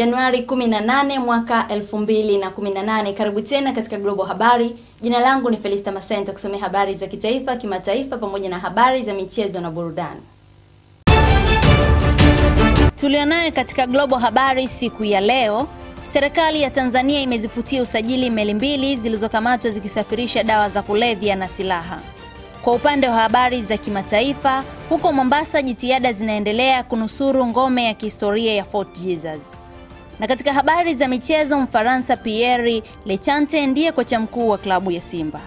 Januari 18 mwaka 2018. Karibu tena katika Global Habari. Jina langu ni Felista Masenta kusomea habari za kitaifa, kimataifa pamoja na habari za michezo na burudani tulionayo katika Global Habari siku ya leo. Serikali ya Tanzania imezifutia usajili meli mbili zilizokamatwa zikisafirisha dawa za kulevya na silaha. Kwa upande wa habari za kimataifa, huko Mombasa jitihada zinaendelea kunusuru ngome ya kihistoria ya Fort Jesus. Na katika habari za michezo, Mfaransa Pierre Lechante ndiye kocha mkuu wa klabu ya Simba.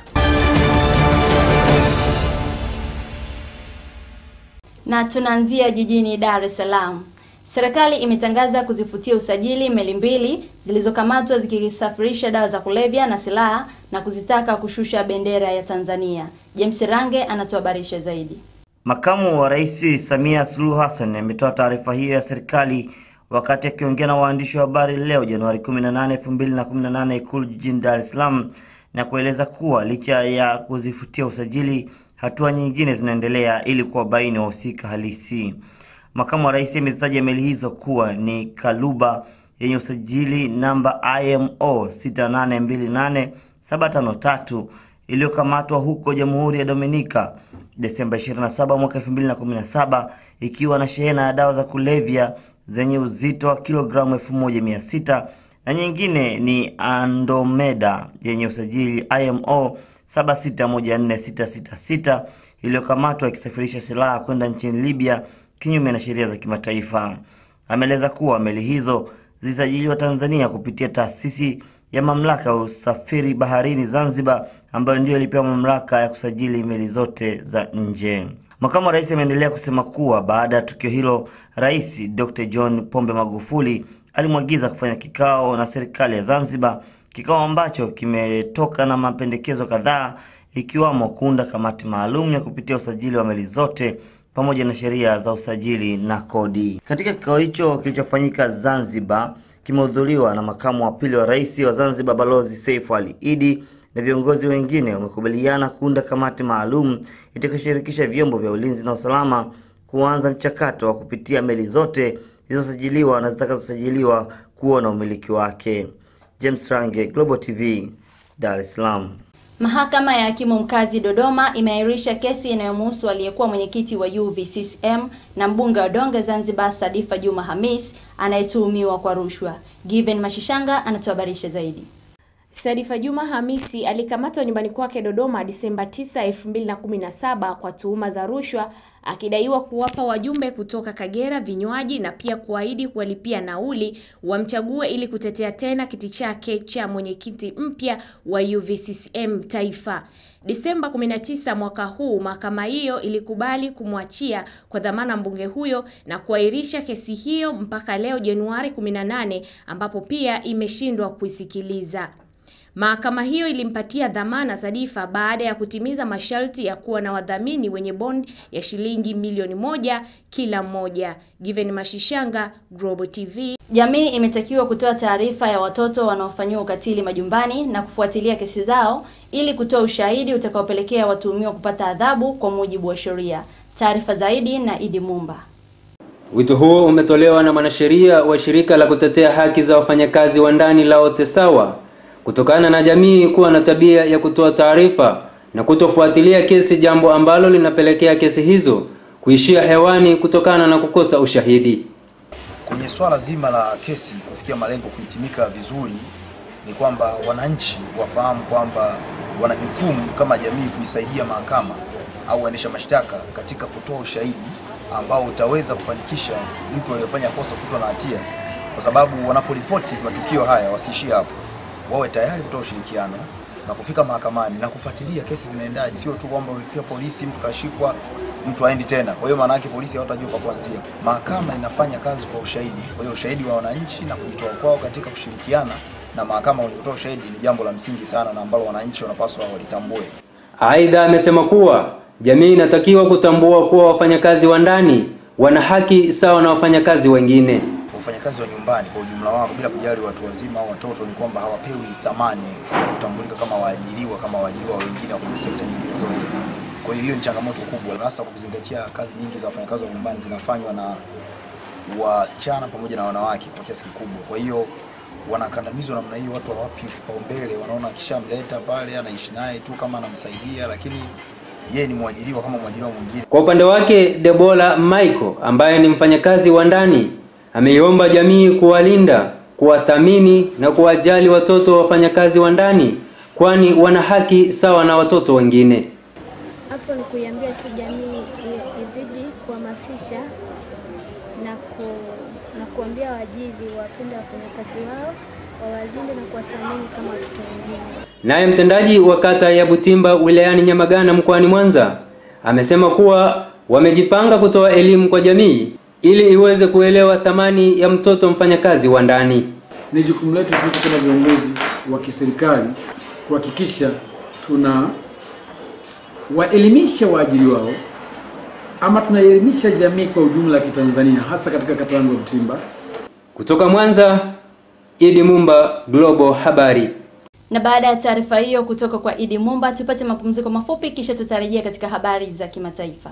Na tunaanzia jijini Dar es Salaam. Serikali imetangaza kuzifutia usajili meli mbili zilizokamatwa zikisafirisha dawa za kulevya na silaha na kuzitaka kushusha bendera ya Tanzania. James Range anatuhabarisha zaidi. Makamu wa Rais Samia Suluhu Hassan ametoa taarifa hiyo ya serikali Wakati akiongea na waandishi wa habari leo Januari 18, 2018 Ikulu jijini Dar es Salaam na kueleza kuwa licha ya kuzifutia usajili, hatua nyingine zinaendelea ili kuwabaini wahusika halisi. Makamu wa Rais amezitaja meli hizo kuwa ni Kaluba yenye usajili namba IMO 6828753 iliyokamatwa huko Jamhuri ya Dominika Desemba 27 mwaka 2017 ikiwa na shehena ya dawa za kulevya zenye uzito wa kilogramu 1600 na nyingine ni Andromeda yenye usajili IMO 7614666 iliyokamatwa ikisafirisha silaha kwenda nchini Libya kinyume na sheria za kimataifa. Ameeleza kuwa meli hizo zilisajiliwa Tanzania kupitia taasisi ya mamlaka ya usafiri baharini Zanzibar ambayo ndiyo ilipewa mamlaka ya kusajili meli zote za nje. Makamu wa rais ameendelea kusema kuwa baada ya tukio hilo, Rais Dr. John Pombe Magufuli alimwagiza kufanya kikao na serikali ya Zanzibar, kikao ambacho kimetoka na mapendekezo kadhaa ikiwamo kuunda kamati maalum ya kupitia usajili wa meli zote pamoja na sheria za usajili na kodi. Katika kikao hicho kilichofanyika Zanzibar, kimehudhuriwa na makamu wa pili wa rais wa Zanzibar Balozi Seif Ali Idi na viongozi wengine, wamekubaliana kuunda kamati maalum itakayoshirikisha vyombo vya ulinzi na usalama kuanza mchakato wa kupitia meli zote zilizosajiliwa na zitakazosajiliwa kuona umiliki wake. James Range, Global TV, Dar es Salaam. Mahakama ya Hakimu Mkazi Dodoma imeahirisha kesi inayomhusu aliyekuwa mwenyekiti wa UVCCM na mbunge wa Donge Zanzibar Sadifa Juma Hamis anayetuhumiwa kwa rushwa. Given Mashishanga anatuhabarisha zaidi. Sadifa Juma Hamisi alikamatwa nyumbani kwake Dodoma Disemba 9, 2017 kwa tuhuma za rushwa akidaiwa kuwapa wajumbe kutoka Kagera vinywaji na pia kuahidi kuwalipia nauli wamchague ili kutetea tena kiti chake cha mwenyekiti mpya wa UVCCM Taifa. Disemba 19 mwaka huu, mahakama hiyo ilikubali kumwachia kwa dhamana mbunge huyo na kuahirisha kesi hiyo mpaka leo Januari 18 ambapo pia imeshindwa kuisikiliza. Mahakama hiyo ilimpatia dhamana Sadifa baada ya kutimiza masharti ya kuwa na wadhamini wenye bond ya shilingi milioni moja kila mmoja. Given Mashishanga, Global TV. Jamii imetakiwa kutoa taarifa ya watoto wanaofanyiwa ukatili majumbani na kufuatilia kesi zao ili kutoa ushahidi utakaopelekea watuhumiwa kupata adhabu kwa mujibu wa sheria. Taarifa zaidi na Idi Mumba. Wito huo umetolewa na mwanasheria wa shirika la kutetea haki za wafanyakazi wa ndani la Otesawa, Sawa kutokana na jamii kuwa na tabia ya kutoa taarifa na kutofuatilia kesi, jambo ambalo linapelekea kesi hizo kuishia hewani kutokana na kukosa ushahidi. Kwenye swala zima la kesi kufikia malengo kuhitimika vizuri, ni kwamba wananchi wafahamu kwamba wana jukumu kama jamii kuisaidia mahakama au waendesha mashtaka katika kutoa ushahidi ambao utaweza kufanikisha mtu aliyefanya kosa kutwa na hatia, kwa sababu wanaporipoti matukio haya wasiishie hapo wawe tayari kutoa ushirikiano na kufika mahakamani na kufuatilia kesi zinaendaje, sio tu kwamba umefikia polisi mtu kashikwa mtu aendi tena. Kwa hiyo maana yake polisi hawatajua pa kuanzia. Mahakama inafanya kazi kwa ushahidi. Kwa hiyo ushahidi wa wananchi na kujitoa kwao katika kushirikiana na mahakama kwenye kutoa ushahidi ni jambo la msingi sana na ambalo wananchi wanapaswa walitambue. Aidha, amesema kuwa jamii inatakiwa kutambua kuwa wafanyakazi wa ndani wana haki sawa na wafanyakazi wengine wafanyakazi wa nyumbani kwa ujumla wao bila kujali watu wazima au watoto, ni kwamba hawapewi thamani ya kutambulika kama waajiriwa kama waajiriwa wengine kwenye sekta nyingine zote. Kwa hiyo hiyo ni changamoto kubwa, hasa kwa kuzingatia kazi nyingi za wafanyakazi wa nyumbani zinafanywa na wasichana pamoja na wanawake kwa kiasi kikubwa. Kwa hiyo wanakandamizwa namna hiyo, watu hawapi kipaumbele, wanaona akishamleta pale anaishi naye tu kama anamsaidia, lakini yeye ni mwajiriwa kama mwajiriwa mwingine. Kwa upande wake Debola Michael ambaye ni mfanyakazi wa ndani Ameiomba jamii kuwalinda, kuwathamini na kuwajali watoto wa wafanyakazi wa ndani, kwani wana haki sawa na watoto wengine. Hapo ni kuiambia tu jamii izidi kuhamasisha na, ku, na kuambia waajiri wapende wafanyakazi wao wawalinde na kuwathamini kama watoto wengine. Naye mtendaji wa kata ya Butimba wilayani Nyamagana mkoani Mwanza amesema kuwa wamejipanga kutoa elimu kwa jamii ili iweze kuelewa thamani ya mtoto mfanyakazi wa ndani. Ni jukumu letu sisi kama viongozi wa kiserikali kuhakikisha tuna waelimisha waajiri wao ama tunaelimisha jamii kwa ujumla ya Kitanzania, hasa katika kata yangu ya Butimba. Kutoka Mwanza, Idi Mumba, Global Habari. Na baada ya taarifa hiyo kutoka kwa Idi Mumba, tupate mapumziko mafupi, kisha tutarejea katika habari za kimataifa.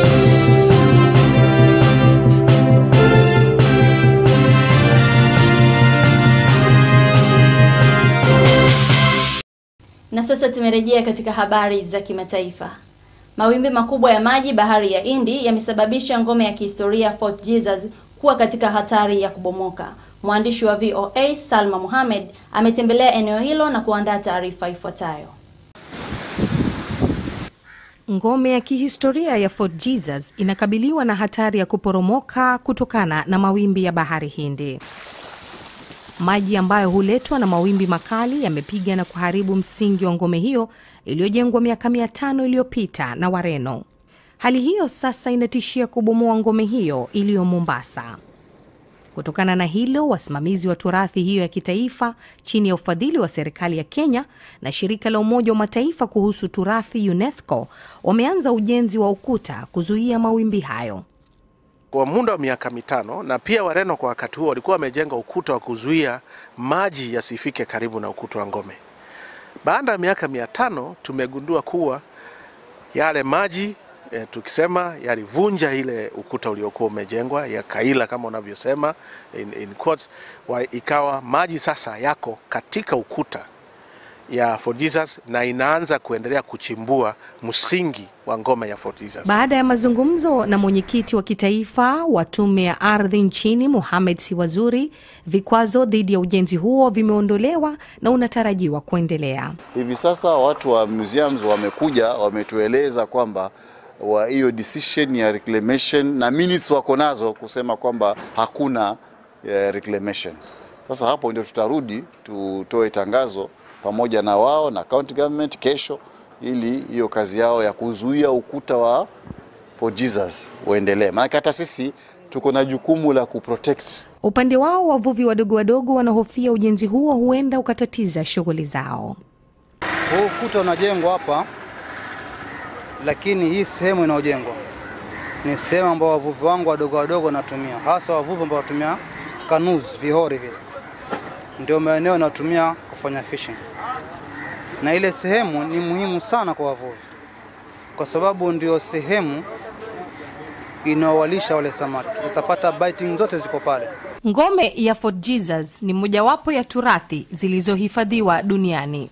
Na sasa tumerejea katika habari za kimataifa. Mawimbi makubwa ya maji bahari ya Hindi yamesababisha ngome ya kihistoria Fort Jesus kuwa katika hatari ya kubomoka. Mwandishi wa VOA Salma Mohamed ametembelea eneo hilo na kuandaa taarifa ifuatayo. Ngome ya kihistoria ya Fort Jesus inakabiliwa na hatari ya kuporomoka kutokana na mawimbi ya bahari Hindi. Maji ambayo huletwa na mawimbi makali yamepiga na kuharibu msingi wa ngome hiyo iliyojengwa miaka mia tano iliyopita na Wareno. Hali hiyo sasa inatishia kubomoa ngome hiyo iliyo Mombasa. Kutokana na hilo, wasimamizi wa turathi hiyo ya kitaifa chini ya ufadhili wa serikali ya Kenya na shirika la Umoja wa Mataifa kuhusu turathi UNESCO wameanza ujenzi wa ukuta kuzuia mawimbi hayo kwa muda wa miaka mitano, na pia Wareno kwa wakati huo walikuwa wamejenga ukuta wa kuzuia maji yasifike karibu na ukuta wa ngome. Baada ya miaka mia tano tumegundua kuwa yale maji E, tukisema yalivunja ile ukuta uliokuwa umejengwa yakaila kama unavyosema in, in quotes, wa ikawa maji sasa yako katika ukuta ya Fort Jesus na inaanza kuendelea kuchimbua msingi wa ngoma ya Fort Jesus. Baada ya mazungumzo na mwenyekiti wa kitaifa wa tume ya ardhi nchini Mohamed Siwazuri, vikwazo dhidi ya ujenzi huo vimeondolewa na unatarajiwa kuendelea. Hivi sasa watu wa museums wamekuja, wametueleza kwamba wa hiyo decision ya reclamation na minutes wako nazo kusema kwamba hakuna eh, reclamation. Sasa hapo ndio tutarudi tutoe tangazo pamoja na wao na county government kesho, ili hiyo kazi yao ya kuzuia ukuta wa For Jesus uendelee, maanake hata sisi tuko na jukumu la kuprotect. Upande wao wavuvi wadogo wadogo wanahofia ujenzi huo huenda ukatatiza shughuli zao. Huu ukuta unajengwa hapa, lakini hii sehemu inayojengwa ni sehemu ambayo wavuvi wangu wadogo wadogo wanatumia, hasa wavuvi ambao wanatumia kanuzi, vihori vile ndio maeneo yanayotumia kufanya fishing, na ile sehemu ni muhimu sana kwa wavuvi, kwa sababu ndio sehemu inaowalisha wale samaki. Utapata biting zote ziko pale. Ngome ya Fort Jesus ni mojawapo ya turathi zilizohifadhiwa duniani.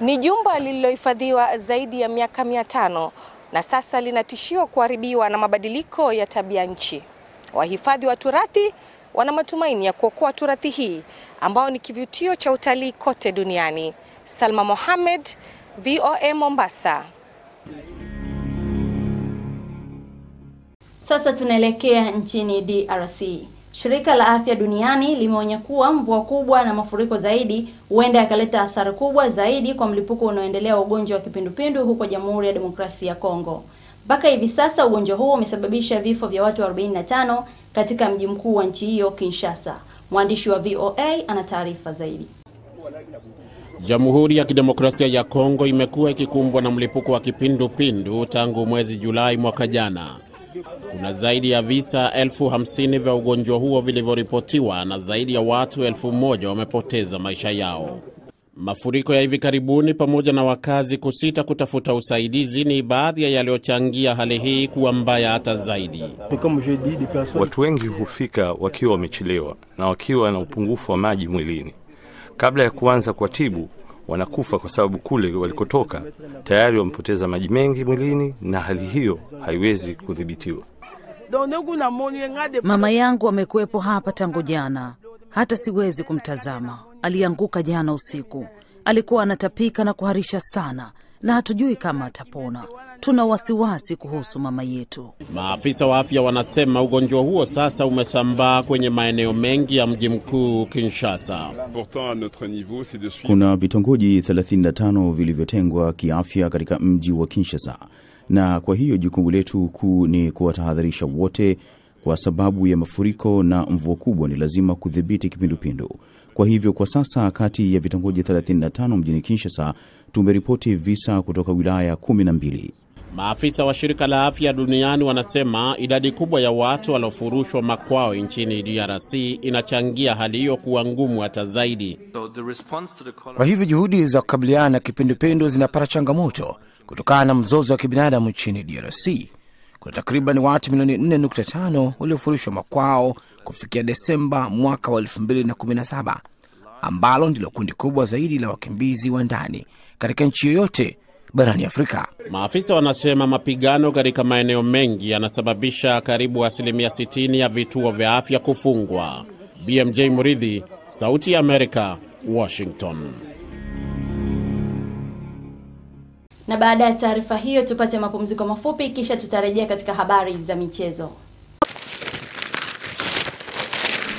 Ni jumba lililohifadhiwa zaidi ya miaka mia tano na sasa linatishiwa kuharibiwa na mabadiliko ya tabia nchi. Wahifadhi wa turathi wana matumaini ya kuokoa turathi hii ambayo ni kivutio cha utalii kote duniani. Salma Mohamed, VOA Mombasa. Sasa tunaelekea nchini DRC. Shirika la Afya Duniani limeonya kuwa mvua kubwa na mafuriko zaidi huenda yakaleta athari kubwa zaidi kwa mlipuko unaoendelea wa ugonjwa wa kipindupindu huko Jamhuri ya Demokrasia ya Kongo. Mpaka hivi sasa ugonjwa huo umesababisha vifo vya watu 45 katika mji mkuu wa nchi hiyo Kinshasa. Mwandishi wa VOA ana taarifa zaidi. Jamhuri ya Kidemokrasia ya Kongo imekuwa ikikumbwa na mlipuko wa kipindupindu tangu mwezi Julai mwaka jana. Kuna zaidi ya visa elfu hamsini vya ugonjwa huo vilivyoripotiwa na zaidi ya watu elfu moja wamepoteza maisha yao. Mafuriko ya hivi karibuni pamoja na wakazi kusita kutafuta usaidizi ni baadhi ya yaliyochangia hali hii kuwa mbaya hata zaidi. Watu wengi hufika wakiwa wamechelewa na wakiwa na upungufu wa maji mwilini. Kabla ya kuanza kuwatibu, wanakufa kwa sababu kule walikotoka tayari wamepoteza maji mengi mwilini, na hali hiyo haiwezi kudhibitiwa. Mama yangu amekuwepo hapa tangu jana, hata siwezi kumtazama alianguka jana usiku. Alikuwa anatapika na kuharisha sana, na hatujui kama atapona. Tuna wasiwasi kuhusu mama yetu. Maafisa wa afya wanasema ugonjwa huo sasa umesambaa kwenye maeneo mengi ya mji mkuu Kinshasa. Kuna vitongoji 35 vilivyotengwa kiafya katika mji wa Kinshasa, na kwa hiyo jukumu letu kuu ni kuwatahadharisha wote. Kwa sababu ya mafuriko na mvua kubwa, ni lazima kudhibiti kipindupindu. Kwa hivyo kwa sasa kati ya vitongoji 35 mjini Kinshasa tumeripoti visa kutoka wilaya 12. Maafisa wa shirika la afya duniani wanasema idadi kubwa ya watu waliofurushwa makwao nchini DRC inachangia hali hiyo kuwa ngumu hata zaidi. Kwa hivyo juhudi za kukabiliana na kipindupindu zinapata changamoto kutokana na mzozo wa kibinadamu nchini DRC kuna takriban watu milioni 4.5 waliofurushwa makwao kufikia Desemba mwaka wa 2017 ambalo ndilo kundi kubwa zaidi la wakimbizi wa ndani katika nchi yoyote barani Afrika. Maafisa wanasema mapigano katika maeneo mengi yanasababisha karibu asilimia 60 ya vituo vya afya kufungwa. BMJ Muridhi, Sauti ya Amerika, Washington. na baada ya taarifa hiyo tupate mapumziko mafupi, kisha tutarejea katika habari za michezo.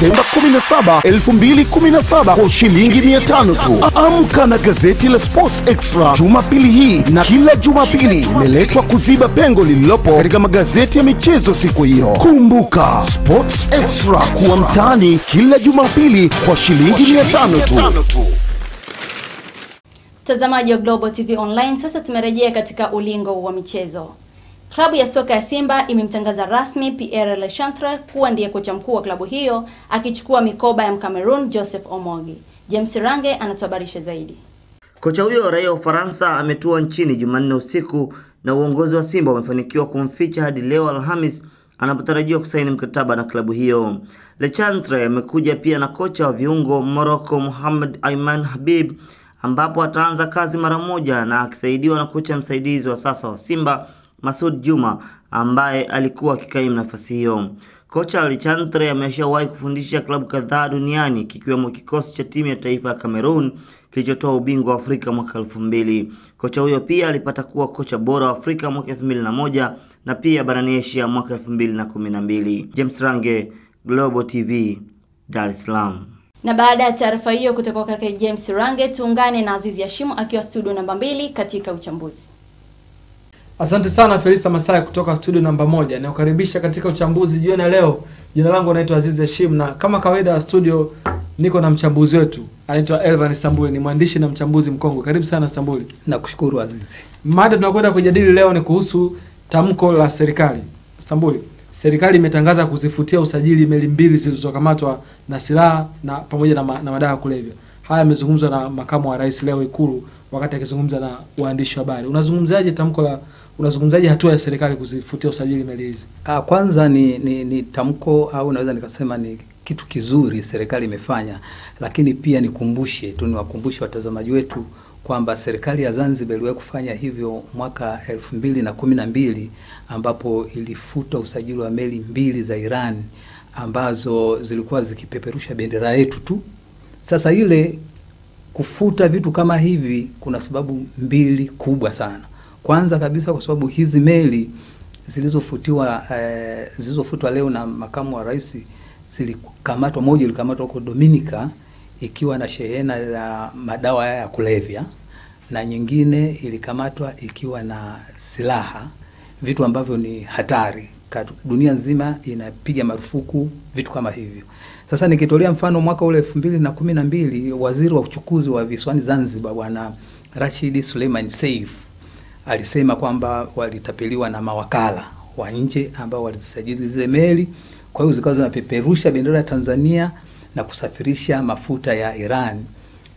Disemba 17, 2017 kwa shilingi 500 tu. Amka na gazeti la Sports Extra Jumapili hii na kila Jumapili imeletwa kuziba pengo lililopo katika magazeti ya michezo siku hiyo. Kumbuka Sports Extra kuwa mtaani kila Jumapili kwa shilingi 500 tu. Mtazamaji wa Global TV Online, sasa tumerejea katika ulingo wa michezo. Klabu ya soka ya Simba imemtangaza rasmi Pierre Lechantre kuwa ndiye kocha mkuu wa klabu hiyo akichukua mikoba ya mcameroon Joseph Omogi. James Range anatuhabarisha zaidi. Kocha huyo raia wa Ufaransa ametua nchini Jumanne usiku na uongozi wa Simba umefanikiwa kumficha hadi leo Alhamis anapotarajiwa kusaini mkataba na klabu hiyo. Lechantre amekuja pia na kocha wa viungo Morocco Mohamed Aiman Habib ambapo ataanza kazi mara moja na akisaidiwa na kocha msaidizi wa sasa wa Simba Masud Juma ambaye alikuwa akikaimu nafasi hiyo. Kocha Alichantre ameshawahi kufundisha klabu kadhaa duniani kikiwemo kikosi cha timu ya taifa ya Cameroon kilichotoa ubingwa wa Afrika mwaka elfu mbili. Kocha huyo pia alipata kuwa kocha bora wa Afrika mwaka elfu mbili na moja na pia barani Asia mwaka elfu mbili na kumi na mbili. James Range, Global TV, Dar es Salaam. Na baada ya taarifa hiyo kutoka kwake James Range, tuungane na Azizi Yashimu akiwa studio namba mbili katika uchambuzi. Asante sana Felista Masai kutoka studio namba moja, nakukaribisha katika uchambuzi jioni ya leo. Jina langu naitwa Aziz Hashim na kama kawaida studio niko na mchambuzi wetu anaitwa Elvan Sambuli, ni mwandishi na mchambuzi mkongwe. Karibu sana Sambuli. Nakushukuru Aziz. Mada tunakwenda kujadili leo ni kuhusu tamko la serikali. Sambuli, serikali imetangaza kuzifutia usajili meli mbili zilizokamatwa na silaha na pamoja na, ma, na madawa kulevya. Haya amezungumzwa na makamu wa rais leo Ikulu wakati akizungumza na waandishi wa habari. Unazungumzaje tamko la unazungumzaje hatua ya serikali kuzifutia usajili meli hizi? Ah, kwanza ni, ni, ni tamko au naweza nikasema ni kitu kizuri serikali imefanya, lakini pia nikumbushe tu niwakumbushe watazamaji wetu kwamba serikali ya Zanzibar iliwahi kufanya hivyo mwaka elfu mbili na kumi na mbili ambapo ilifuta usajili wa meli mbili za Iran ambazo zilikuwa zikipeperusha bendera yetu tu sasa ile kufuta vitu kama hivi kuna sababu mbili kubwa sana. Kwanza kabisa kwa sababu hizi meli zilizofutiwa eh, zilizofutwa leo na makamu wa rais zilikamatwa, moja ilikamatwa huko Dominica ikiwa na shehena ya madawa ya kulevya na nyingine ilikamatwa ikiwa na silaha, vitu ambavyo ni hatari dunia nzima inapiga marufuku vitu kama hivyo. Sasa nikitolea mfano mwaka ule elfu mbili na kumi na mbili waziri wa uchukuzi wa visiwani Zanzibar Bwana Rashid Suleiman Saif alisema kwamba walitapeliwa na mawakala wa nje ambao walizisajili zile meli, kwa hiyo zikawa zinapeperusha bendera ya Tanzania na kusafirisha mafuta ya Iran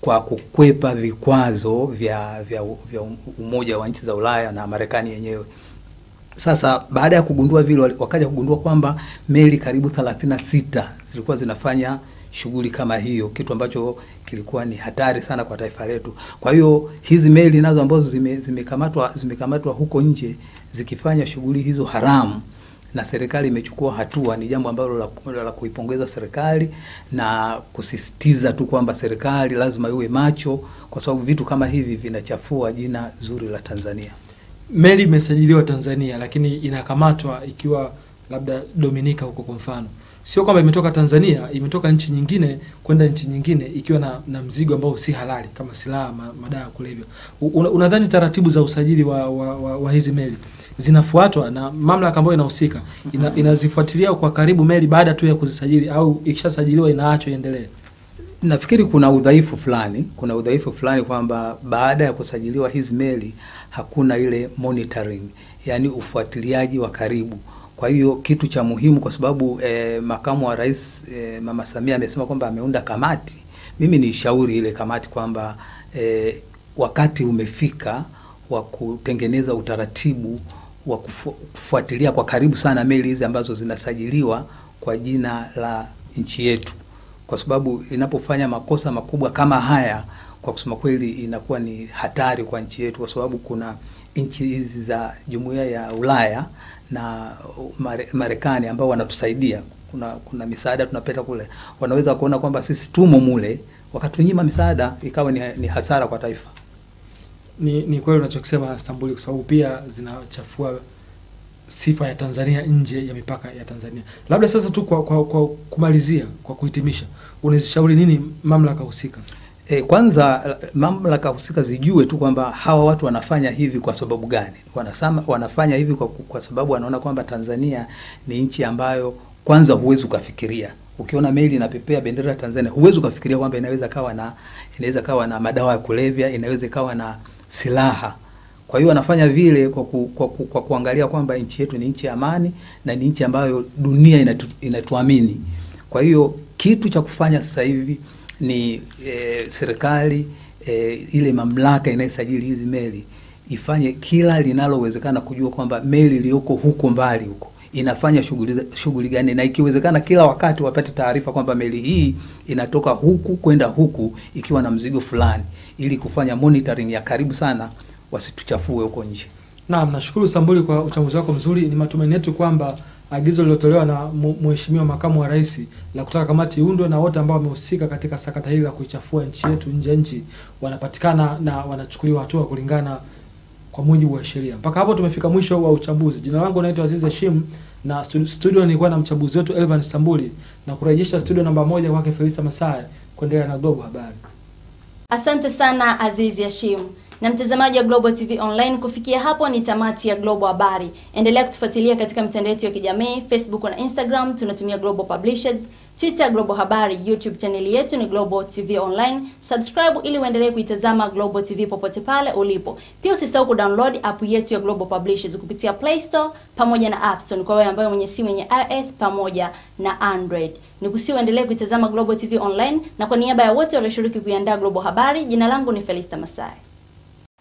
kwa kukwepa vikwazo vya, vya, vya Umoja wa nchi za Ulaya na Marekani yenyewe. Sasa baada ya kugundua vile, wakaja kugundua kwamba meli karibu 36 zilikuwa zinafanya shughuli kama hiyo, kitu ambacho kilikuwa ni hatari sana kwa taifa letu. Kwa hiyo hizi meli nazo ambazo zimekamatwa zime zimekamatwa huko nje zikifanya shughuli hizo haramu na serikali imechukua hatua, ni jambo ambalo la, la kuipongeza serikali na kusisitiza tu kwamba serikali lazima iwe macho, kwa sababu vitu kama hivi vinachafua jina zuri la Tanzania meli imesajiliwa Tanzania lakini inakamatwa ikiwa labda Dominika huko kwa mfano, sio kwamba imetoka Tanzania, imetoka nchi nyingine kwenda nchi nyingine ikiwa na, na mzigo ambao si halali kama silaha, madawa ya kulevya. Unadhani taratibu za usajili wa, wa, wa, wa hizi meli zinafuatwa na mamlaka ambayo inahusika ina, inazifuatilia kwa karibu meli baada tu ya kuzisajili au ikishasajiliwa inaachwa iendelee? nafikiri kuna udhaifu fulani, kuna udhaifu fulani kwamba baada ya kusajiliwa hizi meli hakuna ile monitoring, yani ufuatiliaji wa karibu. Kwa hiyo kitu cha muhimu kwa sababu eh, makamu wa rais eh, Mama Samia amesema kwamba ameunda kamati. Mimi shauri ile kamati kwamba eh, wakati umefika wa kutengeneza utaratibu wa kufuatilia kwa karibu sana meli hizi ambazo zinasajiliwa kwa jina la nchi yetu kwa sababu inapofanya makosa makubwa kama haya, kwa kusema kweli, inakuwa ni hatari kwa nchi yetu, kwa sababu kuna nchi hizi za jumuiya ya Ulaya na Marekani ambao wanatusaidia kuna, kuna misaada tunapeta kule, wanaweza kuona kwamba sisi tumo mule, wakatunyima misaada ikawa ni, ni hasara kwa taifa. Ni, ni kweli unachokisema Istanbul, kwa sababu pia zinachafua sifa ya Tanzania nje ya mipaka ya Tanzania. Labda sasa tu kwa, kwa, kwa kumalizia kwa kuhitimisha, unazishauri nini mamlaka husika? E, kwanza mamlaka husika zijue tu kwamba hawa watu wanafanya hivi kwa sababu gani? Wanasama, wanafanya hivi kwa, kwa sababu wanaona kwamba Tanzania ni nchi ambayo kwanza huwezi ukafikiria ukiona meli inapepea bendera ya Tanzania huwezi ukafikiria kwamba inaweza kawa na inaweza kawa na madawa ya kulevya, inaweza kawa na silaha kwa hiyo anafanya vile kwa, ku, kwa, ku, kwa kuangalia kwamba nchi yetu ni nchi ya amani na ni nchi ambayo dunia inatu, inatuamini. Kwa hiyo kitu cha kufanya sasa hivi ni e, serikali e, ile mamlaka inayosajili hizi meli ifanye kila linalowezekana kujua kwamba meli iliyoko huko mbali huko inafanya shughuli shughuli gani, na ikiwezekana kila wakati wapate taarifa kwamba meli hii inatoka huku kwenda huku ikiwa na mzigo fulani, ili kufanya monitoring ya karibu sana wasituchafue huko nje. Naam, nashukuru Sambuli kwa uchambuzi wako mzuri. Ni matumaini yetu kwamba agizo lililotolewa na mheshimiwa makamu wa rais la kutaka kamati iundwe na wote ambao wamehusika katika sakata hili la kuichafua nchi yetu nje nchi wanapatikana na wanachukuliwa hatua kulingana kwa mujibu wa sheria. Mpaka hapo tumefika mwisho wa uchambuzi. Jina langu naitwa Aziz Hashim na studio nilikuwa na mchambuzi wetu Elvan Stambuli na kurejesha studio namba moja kwake Felisa Masai kuendelea na Global Habari. Asante sana Aziz Hashim. Na mtazamaji wa Global TV Online, kufikia hapo ni tamati ya Global Habari. Endelea kutufuatilia katika mitandao yetu ya kijamii, Facebook na Instagram tunatumia Global Publishers, Twitter Global Habari, YouTube channel yetu ni Global TV Online. Subscribe ili uendelee kuitazama Global TV popote pale ulipo. Pia usisahau kudownload app yetu ya Global Publishers kupitia Play Store pamoja na App Store kwa wewe ambaye mwenye simu yenye iOS pamoja na Android. Nikusi uendelee kuitazama Global TV Online na kwa niaba ya wote walioshiriki kuiandaa Global Habari, jina langu ni Felista Masai.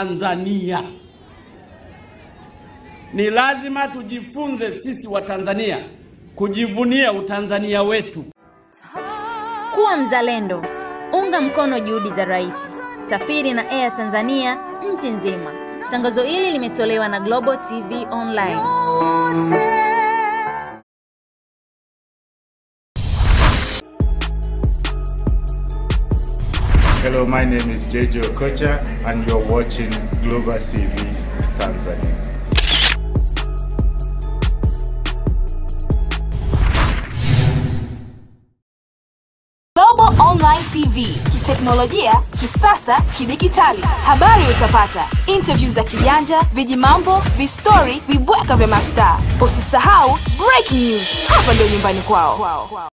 Tanzania. Ni lazima tujifunze sisi wa tanzania kujivunia utanzania wetu. Kuwa mzalendo, unga mkono juhudi za rais. Safiri na Air Tanzania nchi nzima. Tangazo hili limetolewa na Global TV Online. Hello, my name is JJ Okocha and you're watching Global TV Tanzania. Online TV, kiteknolojia, kisasa, kidijitali. Habari utapata, interview za kijanja, vijimambo, vistori, vibweka vya mastaa. Usisahau breaking news, hapa ndio nyumbani kwao. Wow, wow.